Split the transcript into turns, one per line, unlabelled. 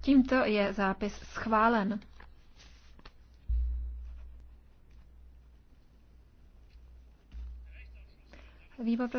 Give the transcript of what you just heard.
Tímto je zápis
schválen. Výbor